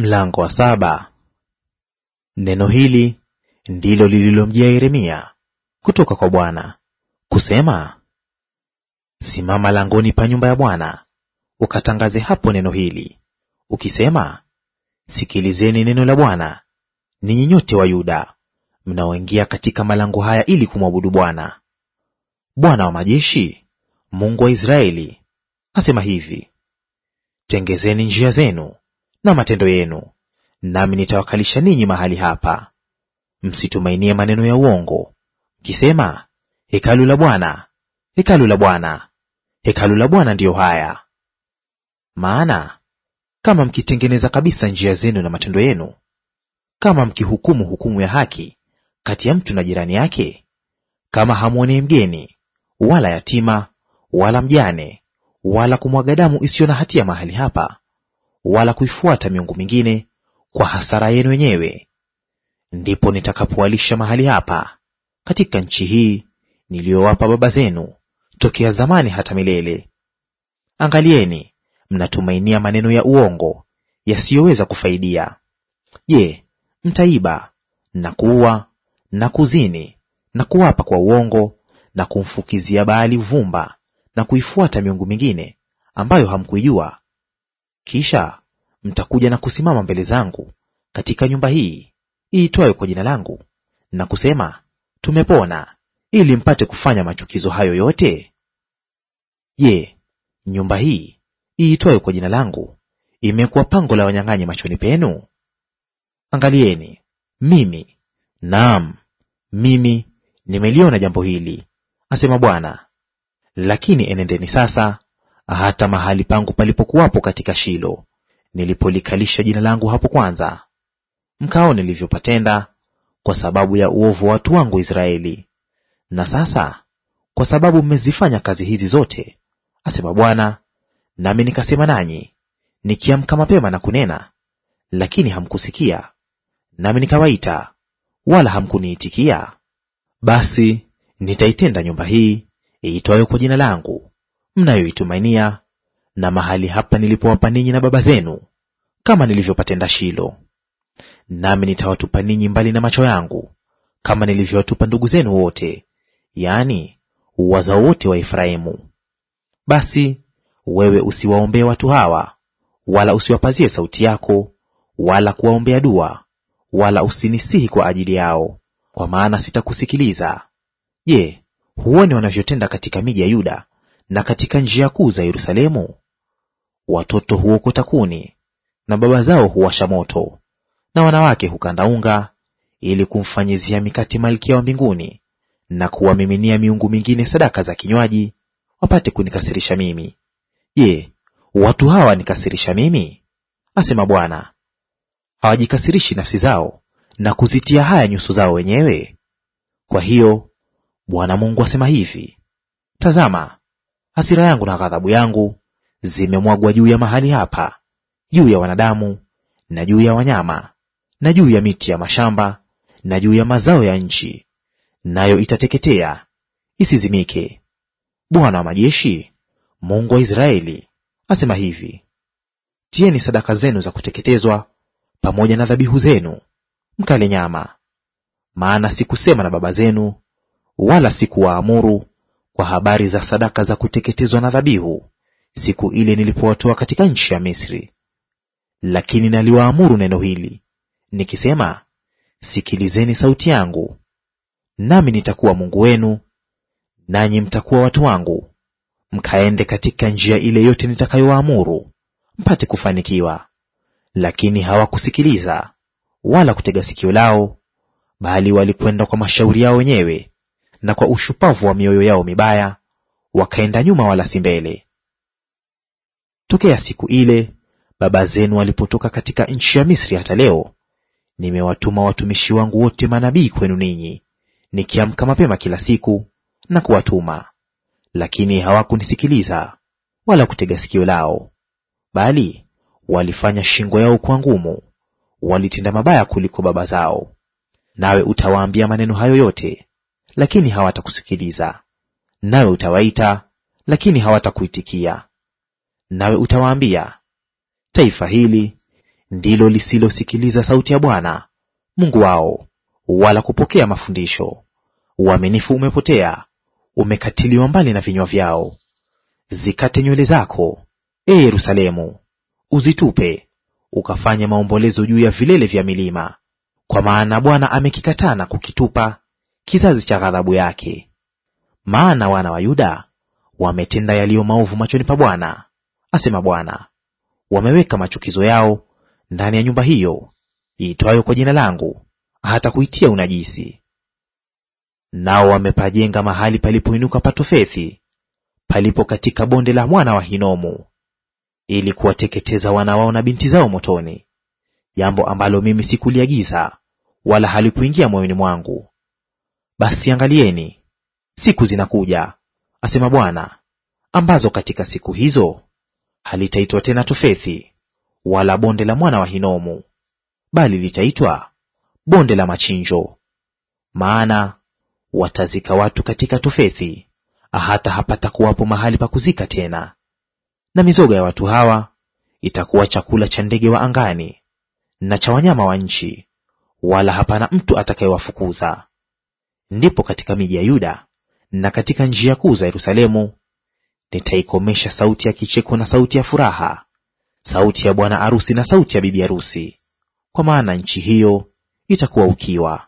Mlango wa saba. Neno hili ndilo lililomjia Yeremia kutoka kwa Bwana kusema, simama langoni pa nyumba ya Bwana ukatangaze hapo neno hili ukisema, sikilizeni neno la Bwana ninyi nyote wa Yuda mnaoingia katika malango haya ili kumwabudu Bwana. Bwana wa majeshi, Mungu wa Israeli, asema hivi, tengezeni njia zenu na matendo yenu, nami nitawakalisha ninyi mahali hapa. Msitumainie maneno ya uongo mkisema, hekalu la Bwana, hekalu la Bwana, hekalu la Bwana ndiyo haya. Maana kama mkitengeneza kabisa njia zenu na matendo yenu, kama mkihukumu hukumu ya haki kati ya mtu na jirani yake, kama hamwonei mgeni wala yatima wala mjane wala kumwaga damu isiyo na hatia mahali hapa, wala kuifuata miungu mingine kwa hasara yenu wenyewe, ndipo nitakapowalisha mahali hapa katika nchi hii niliyowapa baba zenu tokea zamani hata milele. Angalieni, mnatumainia maneno ya uongo yasiyoweza kufaidia. Je, mtaiba na kuua na kuzini na kuapa kwa uongo na kumfukizia Baali vumba na kuifuata miungu mingine ambayo hamkuijua kisha mtakuja na kusimama mbele zangu katika nyumba hii iitwayo kwa jina langu, na kusema, Tumepona, ili mpate kufanya machukizo hayo yote? Je, nyumba hii iitwayo kwa jina langu imekuwa pango la wanyang'anyi machoni penu? Angalieni, mimi, naam mimi, nimeliona jambo hili, asema Bwana. Lakini enendeni sasa hata mahali pangu palipokuwapo katika Shilo, nilipolikalisha jina langu hapo kwanza, mkao nilivyopatenda kwa sababu ya uovu wa watu wangu Israeli. Na sasa kwa sababu mmezifanya kazi hizi zote, asema Bwana, nami nikasema nanyi nikiamka mapema na kunena, lakini hamkusikia; nami nikawaita, wala hamkuniitikia, basi nitaitenda nyumba hii iitwayo kwa jina langu mnayoitumainia, na mahali hapa nilipowapa ninyi na baba zenu, kama nilivyopatenda Shilo. Nami nitawatupa ninyi mbali na macho yangu, kama nilivyowatupa ndugu zenu wote, yaani wazao wote wa Efraimu. Basi wewe usiwaombee watu hawa, wala usiwapazie sauti yako, wala kuwaombea dua, wala usinisihi kwa ajili yao, kwa maana sitakusikiliza. Je, huoni wanavyotenda katika miji ya Yuda na katika njia kuu za Yerusalemu, watoto huokota kuni na baba zao huwasha moto, na wanawake hukanda unga ili kumfanyizia mikati malkia wa mbinguni, na kuwamiminia miungu mingine sadaka za kinywaji, wapate kunikasirisha mimi. Je, watu hawa wanikasirisha mimi? asema Bwana. Hawajikasirishi nafsi zao na kuzitia haya nyuso zao wenyewe? Kwa hiyo Bwana Mungu asema hivi: Tazama, hasira yangu na ghadhabu yangu zimemwagwa juu ya mahali hapa, juu ya wanadamu na juu ya wanyama na juu ya miti ya mashamba na juu ya mazao ya nchi, nayo itateketea isizimike. Bwana wa majeshi, Mungu wa Israeli, asema hivi: Tieni sadaka zenu za kuteketezwa pamoja na dhabihu zenu, mkale nyama. Maana sikusema na baba zenu, wala sikuwaamuru, kwa habari za sadaka za kuteketezwa na dhabihu, siku ile nilipowatoa katika nchi ya Misri. Lakini naliwaamuru neno hili nikisema, sikilizeni sauti yangu, nami nitakuwa Mungu wenu, nanyi mtakuwa watu wangu, mkaende katika njia ile yote nitakayowaamuru, mpate kufanikiwa. Lakini hawakusikiliza wala kutega sikio lao, bali walikwenda kwa mashauri yao wenyewe na kwa ushupavu wa mioyo yao mibaya wakaenda nyuma wala si mbele. Tokea siku ile baba zenu walipotoka katika nchi ya Misri hata leo, nimewatuma watumishi wangu wote manabii kwenu ninyi, nikiamka mapema kila siku na kuwatuma, lakini hawakunisikiliza wala kutega sikio lao, bali walifanya shingo yao kuwa ngumu, walitenda mabaya kuliko baba zao. Nawe utawaambia maneno hayo yote lakini hawatakusikiliza; nawe utawaita, lakini hawatakuitikia. Nawe utawaambia, taifa hili ndilo lisilosikiliza sauti ya Bwana Mungu wao, wala kupokea mafundisho. Uaminifu umepotea, umekatiliwa mbali na vinywa vyao. Zikate nywele zako, e Yerusalemu, uzitupe, ukafanye maombolezo juu ya vilele vya milima, kwa maana Bwana amekikataa na kukitupa kizazi cha ghadhabu yake. Maana wana wa Yuda wametenda yaliyo maovu machoni pa Bwana, asema Bwana. Wameweka machukizo yao ndani ya nyumba hiyo iitwayo kwa jina langu, hata kuitia unajisi. Nao wamepajenga mahali palipoinuka pa Tofethi, palipo katika bonde la mwana wa Hinomu, ili kuwateketeza wana wao na binti zao motoni, jambo ambalo mimi sikuliagiza wala halikuingia moyoni mwangu, basi angalieni, siku zinakuja, asema Bwana, ambazo katika siku hizo halitaitwa tena Tofethi wala bonde la mwana wa Hinomu, bali litaitwa bonde la machinjo. Maana watazika watu katika Tofethi, hata hapata kuwapo mahali pa kuzika tena. Na mizoga ya watu hawa itakuwa chakula cha ndege wa angani na cha wanyama wa nchi, wala hapana mtu atakayewafukuza ndipo katika miji ya Yuda na katika njia kuu za Yerusalemu nitaikomesha sauti ya kicheko na sauti ya furaha, sauti ya bwana arusi na sauti ya bibi arusi, kwa maana nchi hiyo itakuwa ukiwa.